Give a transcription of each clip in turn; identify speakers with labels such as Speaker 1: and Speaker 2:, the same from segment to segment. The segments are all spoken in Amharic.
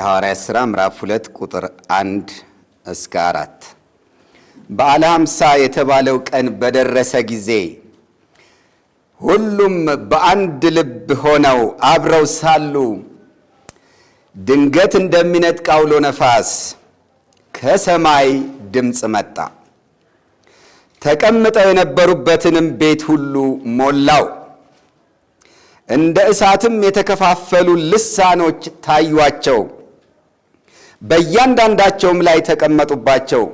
Speaker 1: የሐዋርያት ሥራ ምዕራፍ 2 ቁጥር 1 እስከ 4 በዓለ 50 የተባለው ቀን በደረሰ ጊዜ ሁሉም በአንድ ልብ ሆነው አብረው ሳሉ ድንገት እንደሚነጥቅ አውሎ ነፋስ ከሰማይ ድምፅ መጣ፣ ተቀምጠው የነበሩበትንም ቤት ሁሉ ሞላው። እንደ እሳትም የተከፋፈሉ ልሳኖች ታዩአቸው። በእያንዳንዳቸውም ላይ ተቀመጡባቸው።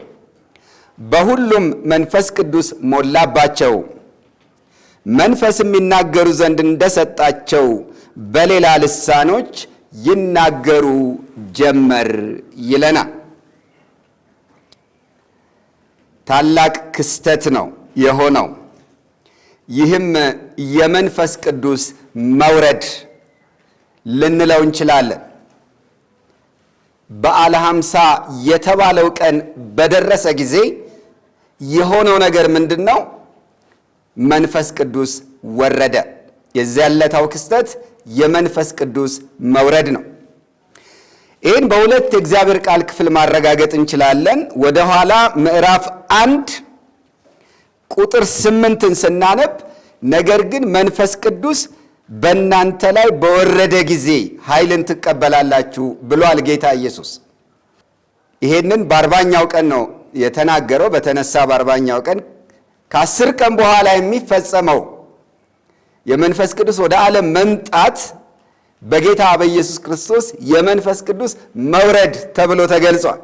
Speaker 1: በሁሉም መንፈስ ቅዱስ ሞላባቸው፣ መንፈስም ይናገሩ ዘንድ እንደሰጣቸው በሌላ ልሳኖች ይናገሩ ጀመር ይለናል። ታላቅ ክስተት ነው የሆነው። ይህም የመንፈስ ቅዱስ መውረድ ልንለው እንችላለን። በዓለ ሃምሳ የተባለው ቀን በደረሰ ጊዜ የሆነው ነገር ምንድን ነው? መንፈስ ቅዱስ ወረደ። የዚያን ክስተት የመንፈስ ቅዱስ መውረድ ነው። ይህን በሁለት የእግዚአብሔር ቃል ክፍል ማረጋገጥ እንችላለን። ወደ ኋላ ምዕራፍ አንድ ቁጥር ስምንትን ስናነብ ነገር ግን መንፈስ ቅዱስ በእናንተ ላይ በወረደ ጊዜ ኃይልን ትቀበላላችሁ ብሏል ጌታ ኢየሱስ። ይሄንን በአርባኛው ቀን ነው የተናገረው። በተነሳ በአርባኛው ቀን ከአስር ቀን በኋላ የሚፈጸመው የመንፈስ ቅዱስ ወደ ዓለም መምጣት በጌታ በኢየሱስ ክርስቶስ የመንፈስ ቅዱስ መውረድ ተብሎ ተገልጿል።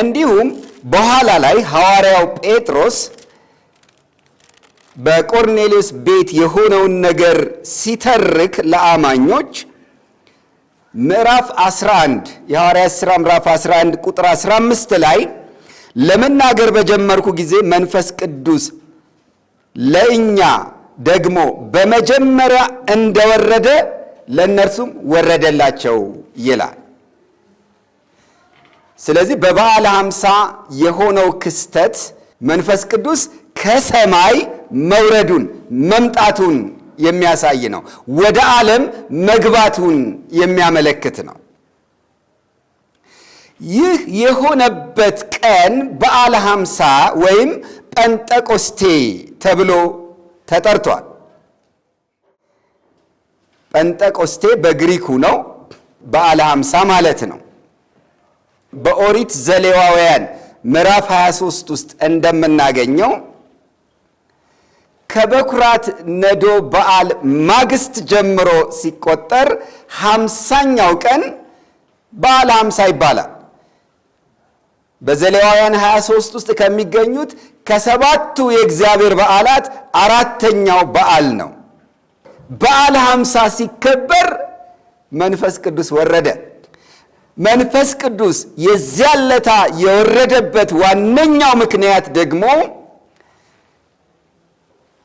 Speaker 1: እንዲሁም በኋላ ላይ ሐዋርያው ጴጥሮስ በቆርኔሌዎስ ቤት የሆነውን ነገር ሲተርክ ለአማኞች ምዕራፍ 11 የሐዋርያት ሥራ ምዕራፍ 11 ቁጥር 15 ላይ ለመናገር በጀመርኩ ጊዜ መንፈስ ቅዱስ ለእኛ ደግሞ በመጀመሪያ እንደወረደ ለእነርሱም ወረደላቸው ይላል። ስለዚህ በበዓለ ሃምሳ የሆነው ክስተት መንፈስ ቅዱስ ከሰማይ መውረዱን መምጣቱን የሚያሳይ ነው። ወደ ዓለም መግባቱን የሚያመለክት ነው። ይህ የሆነበት ቀን በዓለ ሃምሳ ወይም ጰንጠቆስቴ ተብሎ ተጠርቷል። ጰንጠቆስቴ በግሪኩ ነው፣ በዓለ ሃምሳ ማለት ነው። በኦሪት ዘሌዋውያን ምዕራፍ 23 ውስጥ እንደምናገኘው ከበኩራት ነዶ በዓል ማግስት ጀምሮ ሲቆጠር ሃምሳኛው ቀን በዓል ሃምሳ ይባላል። በዘሌዋውያን 23 ውስጥ ከሚገኙት ከሰባቱ የእግዚአብሔር በዓላት አራተኛው በዓል ነው። በዓል ሃምሳ ሲከበር መንፈስ ቅዱስ ወረደ። መንፈስ ቅዱስ የዚያለታ የወረደበት ዋነኛው ምክንያት ደግሞ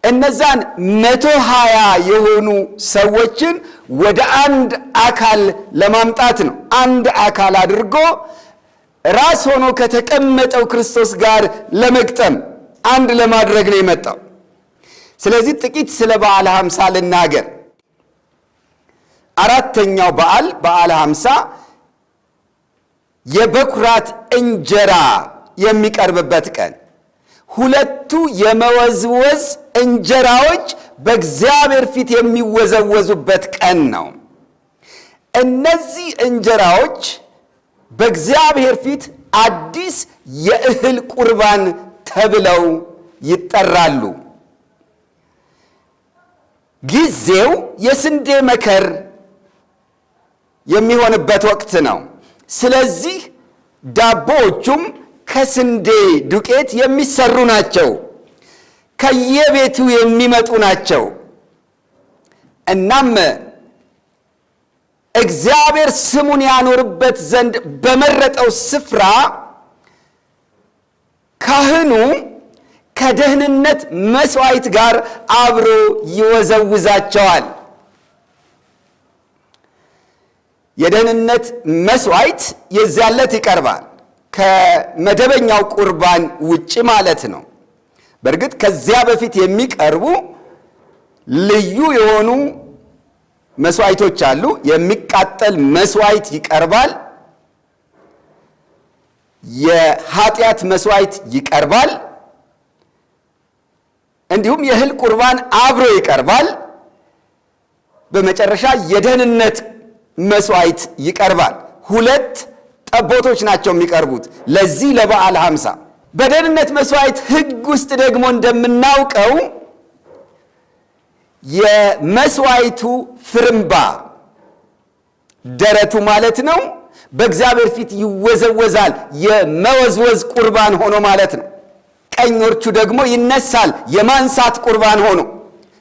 Speaker 1: እነዛን መቶ ሀያ የሆኑ ሰዎችን ወደ አንድ አካል ለማምጣት ነው። አንድ አካል አድርጎ ራስ ሆኖ ከተቀመጠው ክርስቶስ ጋር ለመግጠም አንድ ለማድረግ ነው የመጣው። ስለዚህ ጥቂት ስለ በዓለ ሀምሳ ልናገር። አራተኛው በዓል በዓለ ሀምሳ የበኩራት እንጀራ የሚቀርብበት ቀን ሁለቱ የመወዝወዝ እንጀራዎች በእግዚአብሔር ፊት የሚወዘወዙበት ቀን ነው። እነዚህ እንጀራዎች በእግዚአብሔር ፊት አዲስ የእህል ቁርባን ተብለው ይጠራሉ። ጊዜው የስንዴ መከር የሚሆንበት ወቅት ነው። ስለዚህ ዳቦዎቹም ከስንዴ ዱቄት የሚሰሩ ናቸው። ከየቤቱ የሚመጡ ናቸው። እናም እግዚአብሔር ስሙን ያኖርበት ዘንድ በመረጠው ስፍራ ካህኑ ከደህንነት መስዋይት ጋር አብሮ ይወዘውዛቸዋል። የደህንነት መሥዋዕት የዚያለት ይቀርባል፣ ከመደበኛው ቁርባን ውጭ ማለት ነው። በእርግጥ ከዚያ በፊት የሚቀርቡ ልዩ የሆኑ መስዋዕቶች አሉ። የሚቃጠል መስዋዕት ይቀርባል። የኃጢአት መስዋዕት ይቀርባል። እንዲሁም የእህል ቁርባን አብሮ ይቀርባል። በመጨረሻ የደህንነት መስዋዕት ይቀርባል። ሁለት ጠቦቶች ናቸው የሚቀርቡት ለዚህ ለበዓል ሃምሳ በደህንነት መስዋዕት ህግ ውስጥ ደግሞ እንደምናውቀው የመስዋዕቱ ፍርምባ ደረቱ ማለት ነው በእግዚአብሔር ፊት ይወዘወዛል። የመወዝወዝ ቁርባን ሆኖ ማለት ነው። ቀኞቹ ደግሞ ይነሳል የማንሳት ቁርባን ሆኖ።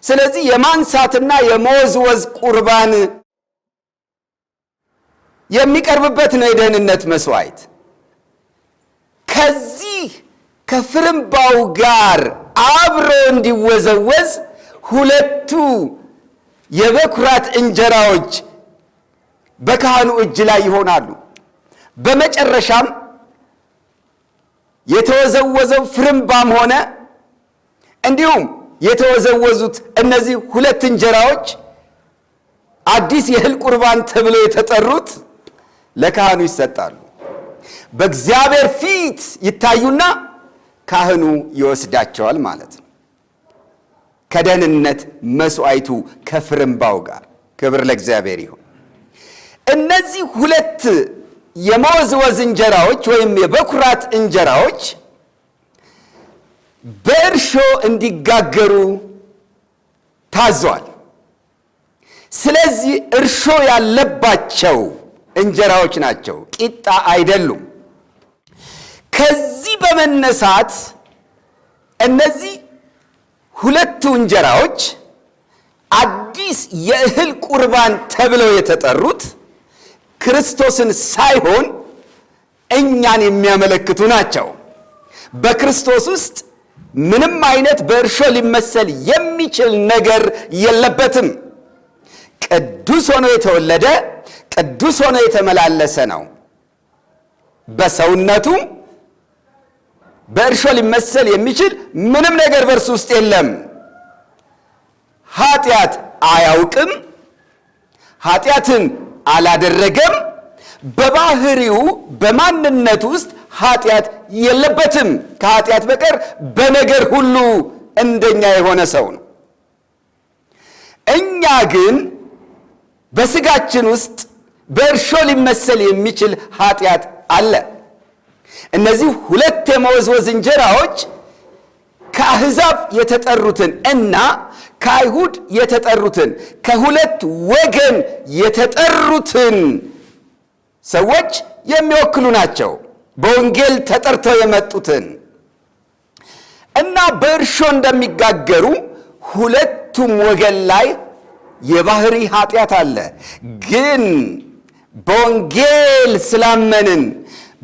Speaker 1: ስለዚህ የማንሳትና የመወዝወዝ ቁርባን የሚቀርብበት ነው የደህንነት መስዋዕት ከዚህ ከፍርምባው ጋር አብሮ እንዲወዘወዝ ሁለቱ የበኩራት እንጀራዎች በካህኑ እጅ ላይ ይሆናሉ። በመጨረሻም የተወዘወዘው ፍርምባም ሆነ እንዲሁም የተወዘወዙት እነዚህ ሁለት እንጀራዎች አዲስ የእህል ቁርባን ተብለው የተጠሩት ለካህኑ ይሰጣሉ። በእግዚአብሔር ፊት ይታዩና ካህኑ ይወስዳቸዋል ማለት ነው። ከደህንነት መስዋዕቱ ከፍርምባው ጋር ክብር ለእግዚአብሔር ይሁን። እነዚህ ሁለት የመወዝወዝ እንጀራዎች ወይም የበኩራት እንጀራዎች በእርሾ እንዲጋገሩ ታዟል። ስለዚህ እርሾ ያለባቸው እንጀራዎች ናቸው፣ ቂጣ አይደሉም። ከዚህ በመነሳት እነዚህ ሁለቱ እንጀራዎች አዲስ የእህል ቁርባን ተብለው የተጠሩት ክርስቶስን ሳይሆን እኛን የሚያመለክቱ ናቸው። በክርስቶስ ውስጥ ምንም አይነት በእርሾ ሊመሰል የሚችል ነገር የለበትም። ቅዱስ ሆኖ የተወለደ ቅዱስ ሆኖ የተመላለሰ ነው በሰውነቱ በእርሾ ሊመሰል የሚችል ምንም ነገር በእርሱ ውስጥ የለም። ኃጢአት አያውቅም፣ ኃጢአትን አላደረገም። በባህሪው በማንነት ውስጥ ኃጢአት የለበትም። ከኃጢአት በቀር በነገር ሁሉ እንደኛ የሆነ ሰው ነው። እኛ ግን በስጋችን ውስጥ በእርሾ ሊመሰል የሚችል ኃጢአት አለ። እነዚህ ሁለት የመወዝወዝ እንጀራዎች ከአሕዛብ የተጠሩትን እና ከአይሁድ የተጠሩትን ከሁለት ወገን የተጠሩትን ሰዎች የሚወክሉ ናቸው። በወንጌል ተጠርተው የመጡትን እና በእርሾ እንደሚጋገሩ ሁለቱም ወገን ላይ የባህሪ ኃጢአት አለ። ግን በወንጌል ስላመንን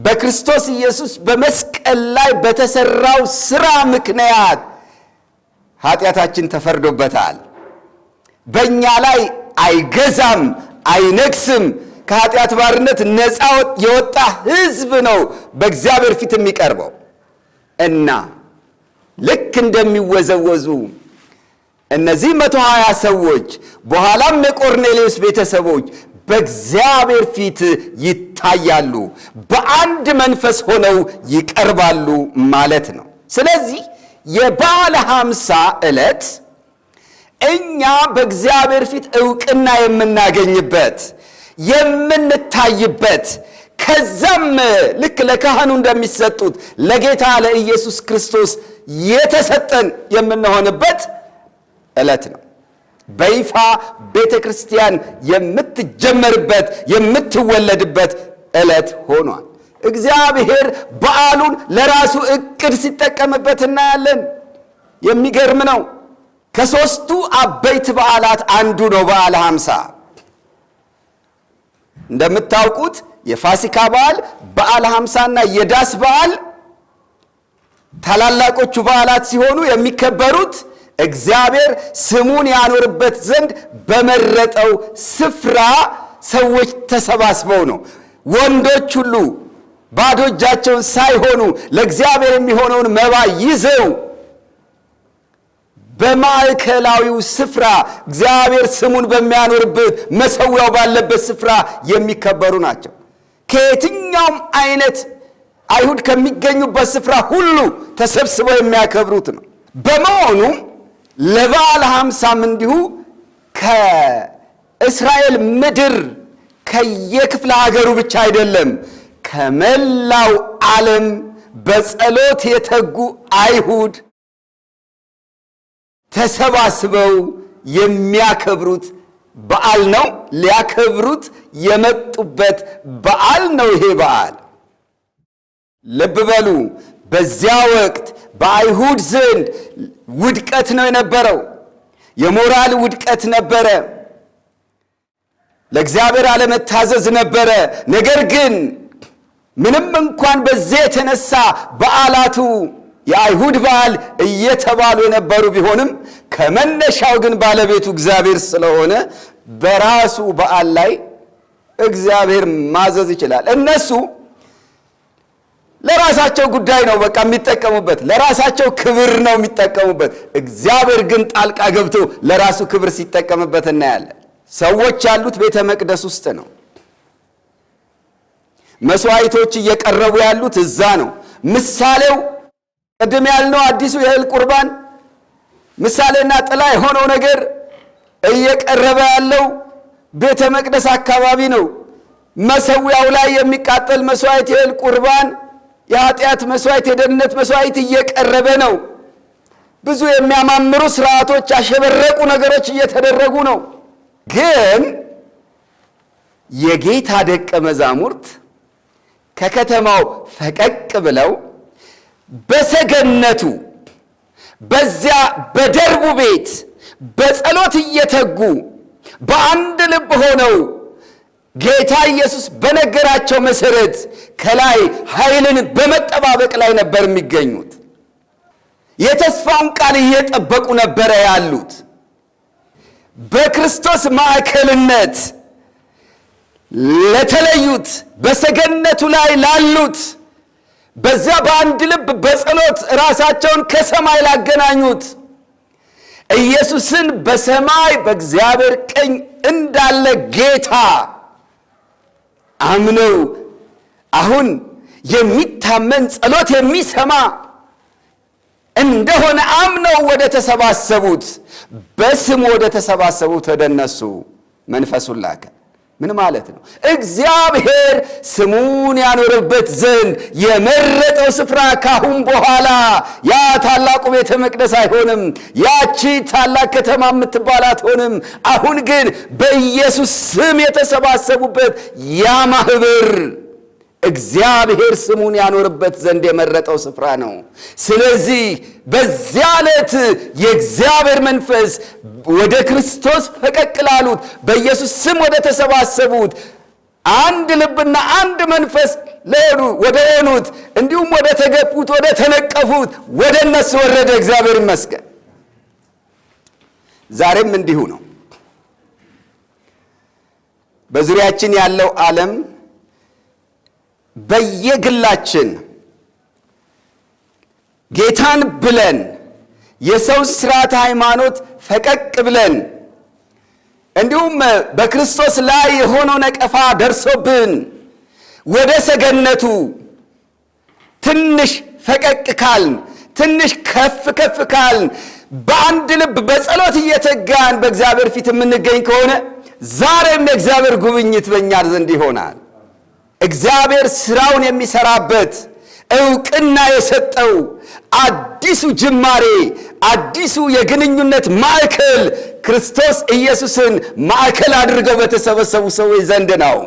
Speaker 1: በክርስቶስ ኢየሱስ በመስቀል ላይ በተሰራው ስራ ምክንያት ኃጢአታችን ተፈርዶበታል። በእኛ ላይ አይገዛም፣ አይነግስም። ከኃጢአት ባርነት ነፃ የወጣ ህዝብ ነው በእግዚአብሔር ፊት የሚቀርበው እና ልክ እንደሚወዘወዙ እነዚህ መቶ ሀያ ሰዎች በኋላም የቆርኔሌዎስ ቤተሰቦች በእግዚአብሔር ፊት ይታያሉ፣ በአንድ መንፈስ ሆነው ይቀርባሉ ማለት ነው። ስለዚህ የበዓለ ሃምሳ ዕለት እኛ በእግዚአብሔር ፊት ዕውቅና የምናገኝበት የምንታይበት ከዛም ልክ ለካህኑ እንደሚሰጡት ለጌታ ለኢየሱስ ክርስቶስ የተሰጠን የምንሆንበት ዕለት ነው። በይፋ ቤተ ክርስቲያን የምትጀመርበት የምትወለድበት ዕለት ሆኗል። እግዚአብሔር በዓሉን ለራሱ እቅድ ሲጠቀምበት እናያለን። የሚገርም ነው። ከሦስቱ አበይት በዓላት አንዱ ነው በዓለ ሃምሳ። እንደምታውቁት የፋሲካ በዓል፣ በዓለ ሃምሳና የዳስ በዓል ታላላቆቹ በዓላት ሲሆኑ የሚከበሩት እግዚአብሔር ስሙን ያኖርበት ዘንድ በመረጠው ስፍራ ሰዎች ተሰባስበው ነው። ወንዶች ሁሉ ባዶ እጃቸውን ሳይሆኑ ለእግዚአብሔር የሚሆነውን መባ ይዘው በማዕከላዊው ስፍራ እግዚአብሔር ስሙን በሚያኖርበት መሰዊያው ባለበት ስፍራ የሚከበሩ ናቸው። ከየትኛውም አይነት አይሁድ ከሚገኙበት ስፍራ ሁሉ ተሰብስበው የሚያከብሩት ነው። በመሆኑም ለበዓል ሀምሳም እንዲሁ ከእስራኤል ምድር ከየክፍለ ሀገሩ ብቻ አይደለም ከመላው ዓለም በጸሎት የተጉ አይሁድ ተሰባስበው የሚያከብሩት በዓል ነው። ሊያከብሩት የመጡበት በዓል ነው ይሄ በዓል። ልብ በሉ። በዚያ ወቅት በአይሁድ ዘንድ ውድቀት ነው የነበረው። የሞራል ውድቀት ነበረ። ለእግዚአብሔር አለመታዘዝ ነበረ። ነገር ግን ምንም እንኳን በዚህ የተነሳ በዓላቱ የአይሁድ በዓል እየተባሉ የነበሩ ቢሆንም ከመነሻው ግን ባለቤቱ እግዚአብሔር ስለሆነ በራሱ በዓል ላይ እግዚአብሔር ማዘዝ ይችላል። እነሱ ለራሳቸው ጉዳይ ነው በቃ የሚጠቀሙበት፣ ለራሳቸው ክብር ነው የሚጠቀሙበት። እግዚአብሔር ግን ጣልቃ ገብቶ ለራሱ ክብር ሲጠቀምበት እናያለን። ሰዎች ያሉት ቤተ መቅደስ ውስጥ ነው። መስዋዕቶች እየቀረቡ ያሉት እዛ ነው። ምሳሌው ቅድም ያልነው አዲሱ የእህል ቁርባን ምሳሌና ጥላ የሆነው ነገር እየቀረበ ያለው ቤተ መቅደስ አካባቢ ነው። መሰዊያው ላይ የሚቃጠል መስዋዕት የእህል ቁርባን የኃጢአት መስዋዕት፣ የደህንነት መስዋዕት እየቀረበ ነው። ብዙ የሚያማምሩ ስርዓቶች፣ ያሸበረቁ ነገሮች እየተደረጉ ነው። ግን የጌታ ደቀ መዛሙርት ከከተማው ፈቀቅ ብለው በሰገነቱ በዚያ በደርቡ ቤት በጸሎት እየተጉ በአንድ ልብ ሆነው ጌታ ኢየሱስ በነገራቸው መሰረት ከላይ ኃይልን በመጠባበቅ ላይ ነበር የሚገኙት። የተስፋውን ቃል እየጠበቁ ነበረ ያሉት። በክርስቶስ ማዕከልነት ለተለዩት፣ በሰገነቱ ላይ ላሉት፣ በዚያ በአንድ ልብ በጸሎት ራሳቸውን ከሰማይ ላገናኙት ኢየሱስን በሰማይ በእግዚአብሔር ቀኝ እንዳለ ጌታ አምነው አሁን የሚታመን ጸሎት የሚሰማ እንደሆነ አምነው ወደ ተሰባሰቡት በስሙ ወደ ተሰባሰቡት ወደ እነሱ መንፈሱን ላከ። ምን ማለት ነው? እግዚአብሔር ስሙን ያኖርበት ዘንድ የመረጠው ስፍራ ካሁን በኋላ ያ ታላቁ ቤተ መቅደስ አይሆንም። ያቺ ታላቅ ከተማ የምትባል አትሆንም። አሁን ግን በኢየሱስ ስም የተሰባሰቡበት ያ ማህበር እግዚአብሔር ስሙን ያኖርበት ዘንድ የመረጠው ስፍራ ነው። ስለዚህ በዚያ ዕለት የእግዚአብሔር መንፈስ ወደ ክርስቶስ ፈቀቅ ላሉት በኢየሱስ ስም ወደ ተሰባሰቡት አንድ ልብና አንድ መንፈስ ለሆኑ ወደ ሆኑት እንዲሁም ወደ ተገፉት ወደ ተነቀፉት ወደ እነሱ ወረደ። እግዚአብሔር ይመስገን። ዛሬም እንዲሁ ነው። በዙሪያችን ያለው ዓለም በየግላችን ጌታን ብለን የሰው ስርዓት ሃይማኖት ፈቀቅ ብለን እንዲሁም በክርስቶስ ላይ የሆነው ነቀፋ ደርሶብን ወደ ሰገነቱ ትንሽ ፈቀቅ ካልን ትንሽ ከፍ ከፍ ካልን በአንድ ልብ በጸሎት እየተጋን በእግዚአብሔር ፊት የምንገኝ ከሆነ ዛሬም የእግዚአብሔር ጉብኝት በእኛ ዘንድ ይሆናል። እግዚአብሔር ስራውን የሚሰራበት እውቅና የሰጠው አዲሱ ጅማሬ አዲሱ የግንኙነት ማዕከል ክርስቶስ ኢየሱስን ማዕከል አድርገው በተሰበሰቡ ሰዎች ዘንድ ነው።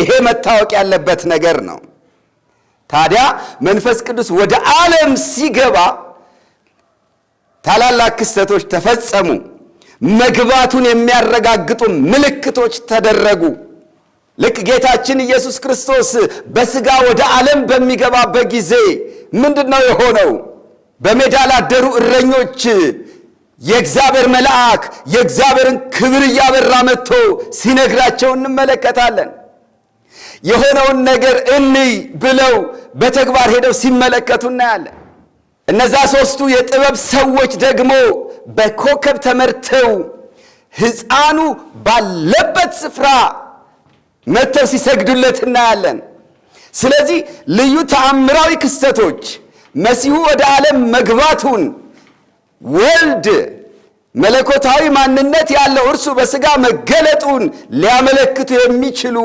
Speaker 1: ይሄ መታወቅ ያለበት ነገር ነው። ታዲያ መንፈስ ቅዱስ ወደ ዓለም ሲገባ ታላላቅ ክስተቶች ተፈጸሙ። መግባቱን የሚያረጋግጡ ምልክቶች ተደረጉ። ልክ ጌታችን ኢየሱስ ክርስቶስ በሥጋ ወደ ዓለም በሚገባበት ጊዜ ምንድን ነው የሆነው? በሜዳ ላደሩ እረኞች የእግዚአብሔር መልአክ የእግዚአብሔርን ክብር እያበራ መጥቶ ሲነግራቸው እንመለከታለን። የሆነውን ነገር እንይ ብለው በተግባር ሄደው ሲመለከቱ እናያለን። እነዛ ሦስቱ የጥበብ ሰዎች ደግሞ በኮከብ ተመርተው ሕፃኑ ባለበት ስፍራ መጥተው ሲሰግዱለት እናያለን። ስለዚህ ልዩ ተአምራዊ ክስተቶች መሲሁ ወደ ዓለም መግባቱን ወልድ መለኮታዊ ማንነት ያለው እርሱ በሥጋ መገለጡን ሊያመለክቱ የሚችሉ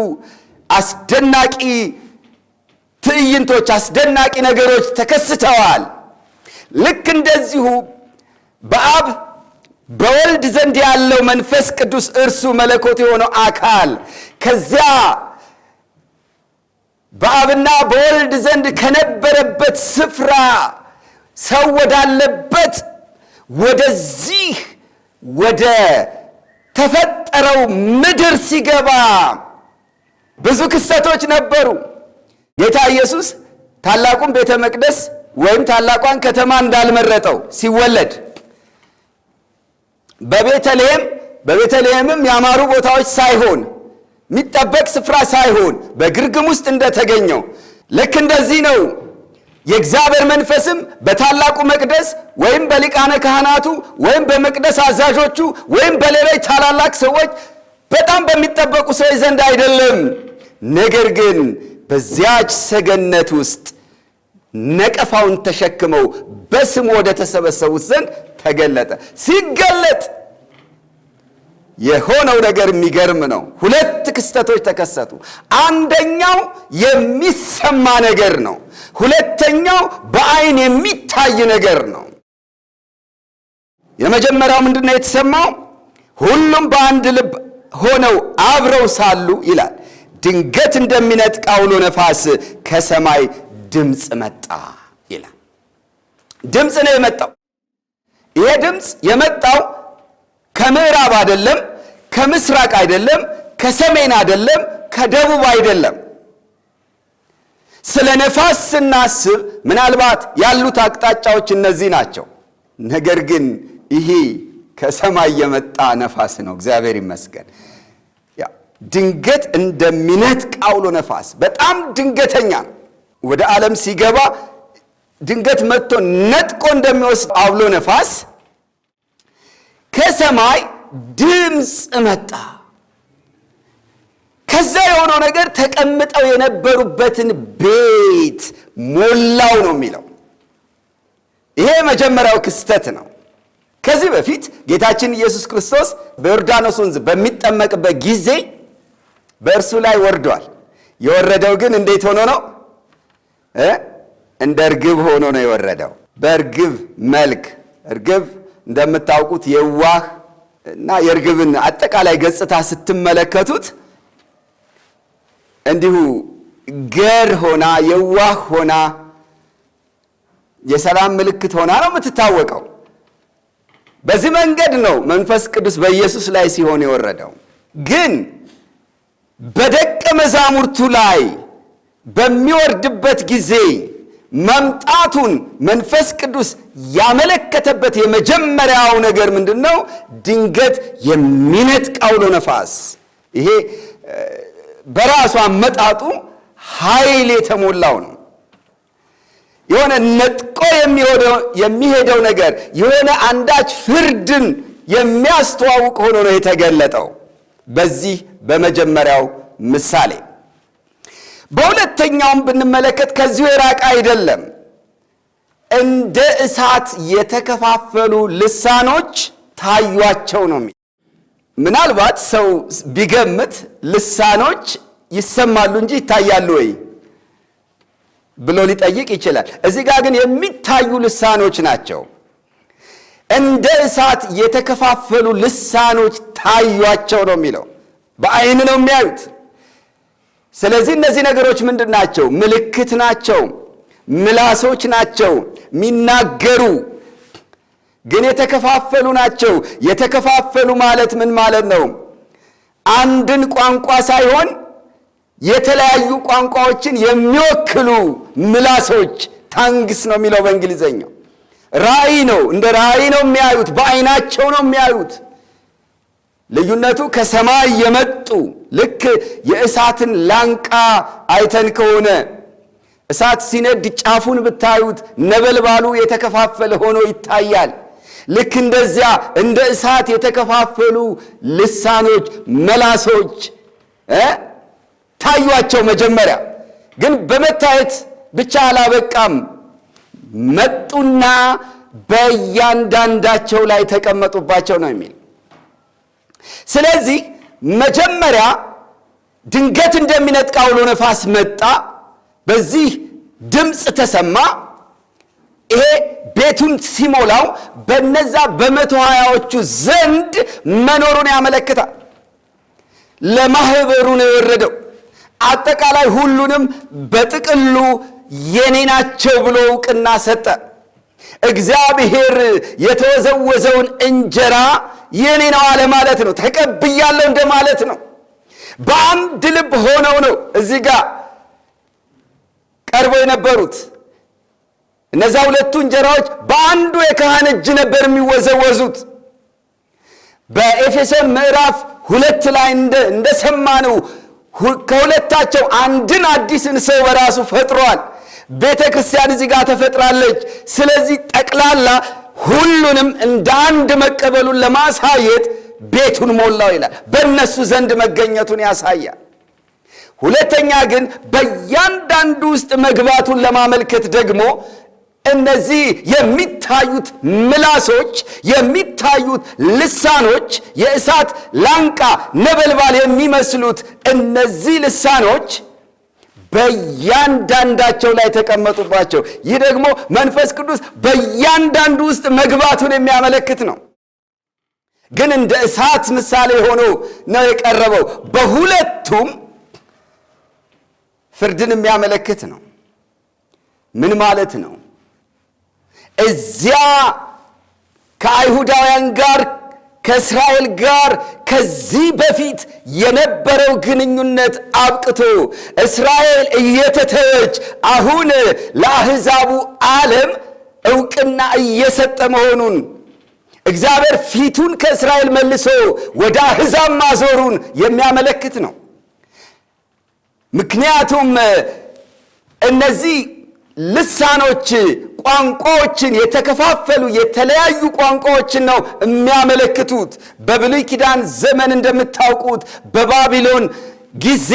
Speaker 1: አስደናቂ ትዕይንቶች፣ አስደናቂ ነገሮች ተከስተዋል። ልክ እንደዚሁ በአብ በወልድ ዘንድ ያለው መንፈስ ቅዱስ እርሱ መለኮት የሆነው አካል ከዚያ በአብና በወልድ ዘንድ ከነበረበት ስፍራ ሰው ወዳለበት ወደዚህ ወደ ተፈጠረው ምድር ሲገባ ብዙ ክስተቶች ነበሩ። ጌታ ኢየሱስ ታላቁን ቤተ መቅደስ ወይም ታላቋን ከተማ እንዳልመረጠው ሲወለድ በቤተልሔም በቤተልሔምም ያማሩ ቦታዎች ሳይሆን የሚጠበቅ ስፍራ ሳይሆን በግርግም ውስጥ እንደተገኘው ልክ እንደዚህ ነው። የእግዚአብሔር መንፈስም በታላቁ መቅደስ ወይም በሊቃነ ካህናቱ ወይም በመቅደስ አዛዦቹ ወይም በሌሎች ታላላቅ ሰዎች በጣም በሚጠበቁ ሰዎች ዘንድ አይደለም። ነገር ግን በዚያች ሰገነት ውስጥ ነቀፋውን ተሸክመው በስም ወደ ተሰበሰቡት ዘንድ ተገለጠ። ሲገለጥ የሆነው ነገር የሚገርም ነው። ሁለት ክስተቶች ተከሰቱ። አንደኛው የሚሰማ ነገር ነው። ሁለተኛው በአይን የሚታይ ነገር ነው። የመጀመሪያው ምንድን ነው የተሰማው? ሁሉም በአንድ ልብ ሆነው አብረው ሳሉ ይላል ድንገት እንደሚነጥቅ አውሎ ነፋስ ከሰማይ ድምፅ መጣ ይላል። ድምፅ ነው የመጣው። ይሄ ድምፅ የመጣው ከምዕራብ አይደለም፣ ከምስራቅ አይደለም፣ ከሰሜን አይደለም፣ ከደቡብ አይደለም። ስለ ነፋስ ስናስብ ምናልባት ያሉት አቅጣጫዎች እነዚህ ናቸው። ነገር ግን ይሄ ከሰማይ የመጣ ነፋስ ነው። እግዚአብሔር ይመስገን። ድንገት እንደሚነጥቅ አውሎ ነፋስ በጣም ድንገተኛ ነው። ወደ ዓለም ሲገባ ድንገት መጥቶ ነጥቆ እንደሚወስድ አውሎ ነፋስ ከሰማይ ድምፅ መጣ። ከዛ የሆነው ነገር ተቀምጠው የነበሩበትን ቤት ሞላው ነው የሚለው። ይሄ መጀመሪያው ክስተት ነው። ከዚህ በፊት ጌታችን ኢየሱስ ክርስቶስ በዮርዳኖስ ወንዝ በሚጠመቅበት ጊዜ በእርሱ ላይ ወርዷል። የወረደው ግን እንዴት ሆኖ ነው? እንደ እርግብ ሆኖ ነው የወረደው። በእርግብ መልክ እርግብ እንደምታውቁት የዋህ እና የእርግብን አጠቃላይ ገጽታ ስትመለከቱት እንዲሁ ገር ሆና የዋህ ሆና የሰላም ምልክት ሆና ነው የምትታወቀው። በዚህ መንገድ ነው መንፈስ ቅዱስ በኢየሱስ ላይ ሲሆን የወረደው። ግን በደቀ መዛሙርቱ ላይ በሚወርድበት ጊዜ መምጣቱን መንፈስ ቅዱስ ያመለከተበት የመጀመሪያው ነገር ምንድን ነው? ድንገት የሚነጥቅ አውሎ ነፋስ። ይሄ በራሱ አመጣጡ ኃይል የተሞላው ነው። የሆነ ነጥቆ የሚሄደው ነገር የሆነ አንዳች ፍርድን የሚያስተዋውቅ ሆኖ ነው የተገለጠው በዚህ በመጀመሪያው ምሳሌ በሁለተኛውም ብንመለከት ከዚሁ የራቅ አይደለም። እንደ እሳት የተከፋፈሉ ልሳኖች ታዩቸው ነው። ምናልባት ሰው ቢገምት ልሳኖች ይሰማሉ እንጂ ይታያሉ ወይ ብሎ ሊጠይቅ ይችላል። እዚህ ጋር ግን የሚታዩ ልሳኖች ናቸው። እንደ እሳት የተከፋፈሉ ልሳኖች ታዩቸው ነው የሚለው። በአይን ነው የሚያዩት። ስለዚህ እነዚህ ነገሮች ምንድን ናቸው? ምልክት ናቸው፣ ምላሶች ናቸው፣ የሚናገሩ ግን የተከፋፈሉ ናቸው። የተከፋፈሉ ማለት ምን ማለት ነው? አንድን ቋንቋ ሳይሆን የተለያዩ ቋንቋዎችን የሚወክሉ ምላሶች ታንግስ ነው የሚለው በእንግሊዘኛው። ራእይ ነው፣ እንደ ራእይ ነው የሚያዩት፣ በአይናቸው ነው የሚያዩት። ልዩነቱ ከሰማይ የመጡ ልክ የእሳትን ላንቃ አይተን ከሆነ እሳት ሲነድ ጫፉን ብታዩት ነበልባሉ የተከፋፈለ ሆኖ ይታያል። ልክ እንደዚያ እንደ እሳት የተከፋፈሉ ልሳኖች፣ መላሶች ታዩቸው። መጀመሪያ ግን በመታየት ብቻ አላበቃም። መጡና በእያንዳንዳቸው ላይ ተቀመጡባቸው ነው የሚል ስለዚህ መጀመሪያ ድንገት እንደሚነጥቅ አውሎ ነፋስ መጣ። በዚህ ድምፅ ተሰማ። ይሄ ቤቱን ሲሞላው በነዛ በመቶ ሀያዎቹ ዘንድ መኖሩን ያመለክታል። ለማህበሩ ነው የወረደው። አጠቃላይ ሁሉንም በጥቅሉ የኔ ናቸው ብሎ እውቅና ሰጠ። እግዚአብሔር የተወዘወዘውን እንጀራ የኔ ነው አለ ማለት ነው። ተቀብያለሁ እንደ ማለት ነው። በአንድ ልብ ሆነው ነው እዚህ ጋር ቀርበው የነበሩት። እነዛ ሁለቱ እንጀራዎች በአንዱ የካህን እጅ ነበር የሚወዘወዙት። በኤፌሶን ምዕራፍ ሁለት ላይ እንደሰማነው ከሁለታቸው አንድን አዲስን ሰው በራሱ ፈጥሯል። ቤተ ክርስቲያን እዚህ ጋር ተፈጥራለች። ስለዚህ ጠቅላላ ሁሉንም እንደ አንድ መቀበሉን ለማሳየት ቤቱን ሞላው ይላል። በእነሱ ዘንድ መገኘቱን ያሳያል። ሁለተኛ ግን በእያንዳንዱ ውስጥ መግባቱን ለማመልከት ደግሞ እነዚህ የሚታዩት ምላሶች የሚታዩት ልሳኖች የእሳት ላንቃ ነበልባል የሚመስሉት እነዚህ ልሳኖች በእያንዳንዳቸው ላይ ተቀመጡባቸው። ይህ ደግሞ መንፈስ ቅዱስ በእያንዳንዱ ውስጥ መግባቱን የሚያመለክት ነው። ግን እንደ እሳት ምሳሌ ሆኖ ነው የቀረበው። በሁለቱም ፍርድን የሚያመለክት ነው። ምን ማለት ነው? እዚያ ከአይሁዳውያን ጋር ከእስራኤል ጋር ከዚህ በፊት የነበረው ግንኙነት አብቅቶ እስራኤል እየተተወች አሁን ለአሕዛቡ ዓለም ዕውቅና እየሰጠ መሆኑን እግዚአብሔር ፊቱን ከእስራኤል መልሶ ወደ አሕዛብ ማዞሩን የሚያመለክት ነው። ምክንያቱም እነዚህ ልሳኖች ቋንቋዎችን የተከፋፈሉ የተለያዩ ቋንቋዎችን ነው የሚያመለክቱት። በብሉይ ኪዳን ዘመን እንደምታውቁት በባቢሎን ጊዜ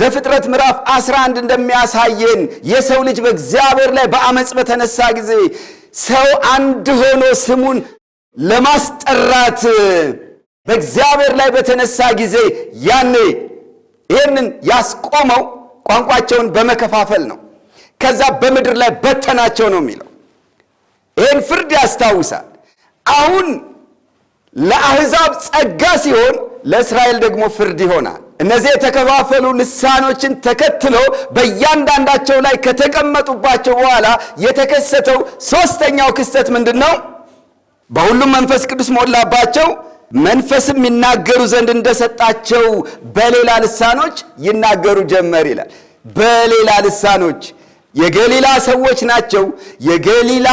Speaker 1: ዘፍጥረት ምዕራፍ 11 እንደሚያሳየን የሰው ልጅ በእግዚአብሔር ላይ በአመፅ በተነሳ ጊዜ ሰው አንድ ሆኖ ስሙን ለማስጠራት በእግዚአብሔር ላይ በተነሳ ጊዜ ያኔ ይህንን ያስቆመው ቋንቋቸውን በመከፋፈል ነው። ከዛ በምድር ላይ በተናቸው ነው የሚለው። ይህን ፍርድ ያስታውሳል። አሁን ለአሕዛብ ጸጋ ሲሆን ለእስራኤል ደግሞ ፍርድ ይሆናል። እነዚህ የተከፋፈሉ ልሳኖችን ተከትሎ በእያንዳንዳቸው ላይ ከተቀመጡባቸው በኋላ የተከሰተው ሦስተኛው ክስተት ምንድን ነው? በሁሉም መንፈስ ቅዱስ ሞላባቸው፣ መንፈስም ይናገሩ ዘንድ እንደሰጣቸው በሌላ ልሳኖች ይናገሩ ጀመር ይላል። በሌላ ልሳኖች የገሊላ ሰዎች ናቸው። የገሊላ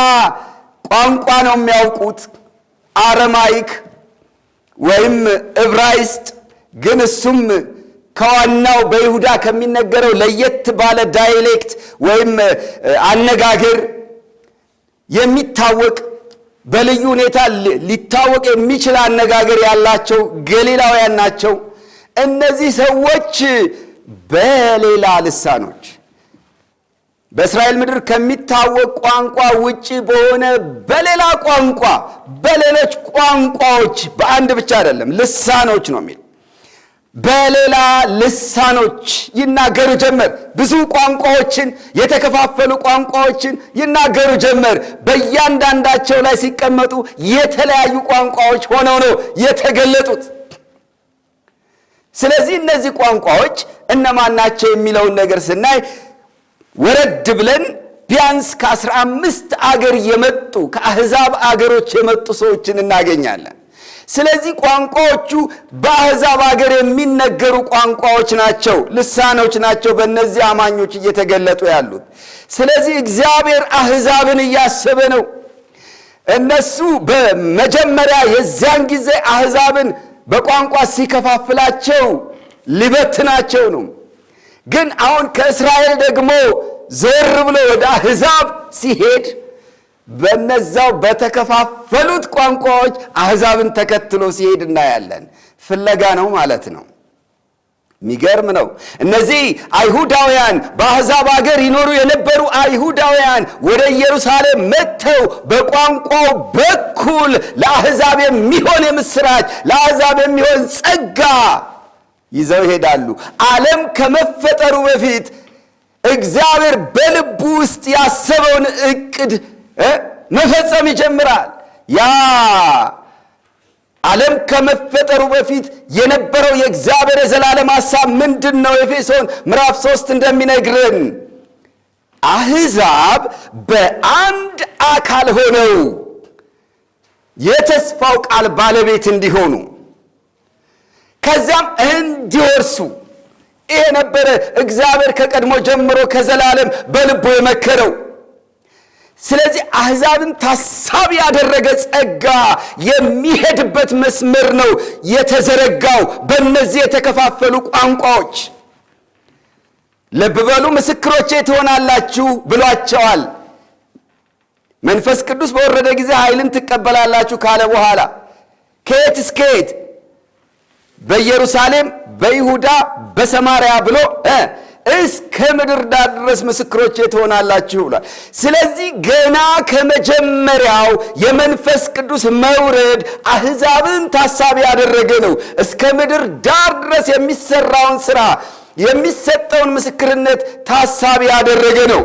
Speaker 1: ቋንቋ ነው የሚያውቁት፣ አረማይክ ወይም እብራይስጥ ግን እሱም ከዋናው በይሁዳ ከሚነገረው ለየት ባለ ዳይሌክት ወይም አነጋገር የሚታወቅ በልዩ ሁኔታ ሊታወቅ የሚችል አነጋገር ያላቸው ገሊላውያን ናቸው። እነዚህ ሰዎች በሌላ ልሳኖች በእስራኤል ምድር ከሚታወቅ ቋንቋ ውጪ በሆነ በሌላ ቋንቋ በሌሎች ቋንቋዎች በአንድ ብቻ አይደለም ልሳኖች ነው የሚል በሌላ ልሳኖች ይናገሩ ጀመር። ብዙ ቋንቋዎችን የተከፋፈሉ ቋንቋዎችን ይናገሩ ጀመር። በእያንዳንዳቸው ላይ ሲቀመጡ የተለያዩ ቋንቋዎች ሆነው ነው የተገለጡት። ስለዚህ እነዚህ ቋንቋዎች እነማን ናቸው የሚለውን ነገር ስናይ ወረድ ብለን ቢያንስ ከ15 አገር የመጡ ከአህዛብ አገሮች የመጡ ሰዎችን እናገኛለን። ስለዚህ ቋንቋዎቹ በአህዛብ አገር የሚነገሩ ቋንቋዎች ናቸው፣ ልሳኖች ናቸው በእነዚህ አማኞች እየተገለጡ ያሉት። ስለዚህ እግዚአብሔር አህዛብን እያሰበ ነው። እነሱ በመጀመሪያ የዚያን ጊዜ አህዛብን በቋንቋ ሲከፋፍላቸው ሊበትናቸው ነው። ግን አሁን ከእስራኤል ደግሞ ዘር ብሎ ወደ አህዛብ ሲሄድ በነዛው በተከፋፈሉት ቋንቋዎች አህዛብን ተከትሎ ሲሄድ እናያለን። ፍለጋ ነው ማለት ነው። የሚገርም ነው። እነዚህ አይሁዳውያን በአሕዛብ አገር ይኖሩ የነበሩ አይሁዳውያን ወደ ኢየሩሳሌም መጥተው በቋንቋው በኩል ለአሕዛብ የሚሆን የምሥራች፣ ለአሕዛብ የሚሆን ጸጋ ይዘው ይሄዳሉ። ዓለም ከመፈጠሩ በፊት እግዚአብሔር በልቡ ውስጥ ያሰበውን እቅድ መፈጸም ይጀምራል። ያ ዓለም ከመፈጠሩ በፊት የነበረው የእግዚአብሔር የዘላለም ሐሳብ ምንድን ነው? ኤፌሶን ምዕራፍ ሦስት እንደሚነግርን አሕዛብ በአንድ አካል ሆነው የተስፋው ቃል ባለቤት እንዲሆኑ ከዚያም እንዲወርሱ ይሄ ነበረ እግዚአብሔር ከቀድሞ ጀምሮ ከዘላለም በልቦ የመከረው። ስለዚህ አሕዛብን ታሳቢ ያደረገ ጸጋ የሚሄድበት መስመር ነው የተዘረጋው በእነዚህ የተከፋፈሉ ቋንቋዎች። ለብበሉ ምስክሮቼ ትሆናላችሁ ብሏቸዋል። መንፈስ ቅዱስ በወረደ ጊዜ ኃይልን ትቀበላላችሁ ካለ በኋላ ከየት እስከየት በኢየሩሳሌም፣ በይሁዳ፣ በሰማርያ ብሎ እስከ ምድር ዳር ድረስ ምስክሮች ትሆናላችሁ ብሏል። ስለዚህ ገና ከመጀመሪያው የመንፈስ ቅዱስ መውረድ አሕዛብን ታሳቢ ያደረገ ነው። እስከ ምድር ዳር ድረስ የሚሰራውን ስራ የሚሰጠውን ምስክርነት ታሳቢ ያደረገ ነው።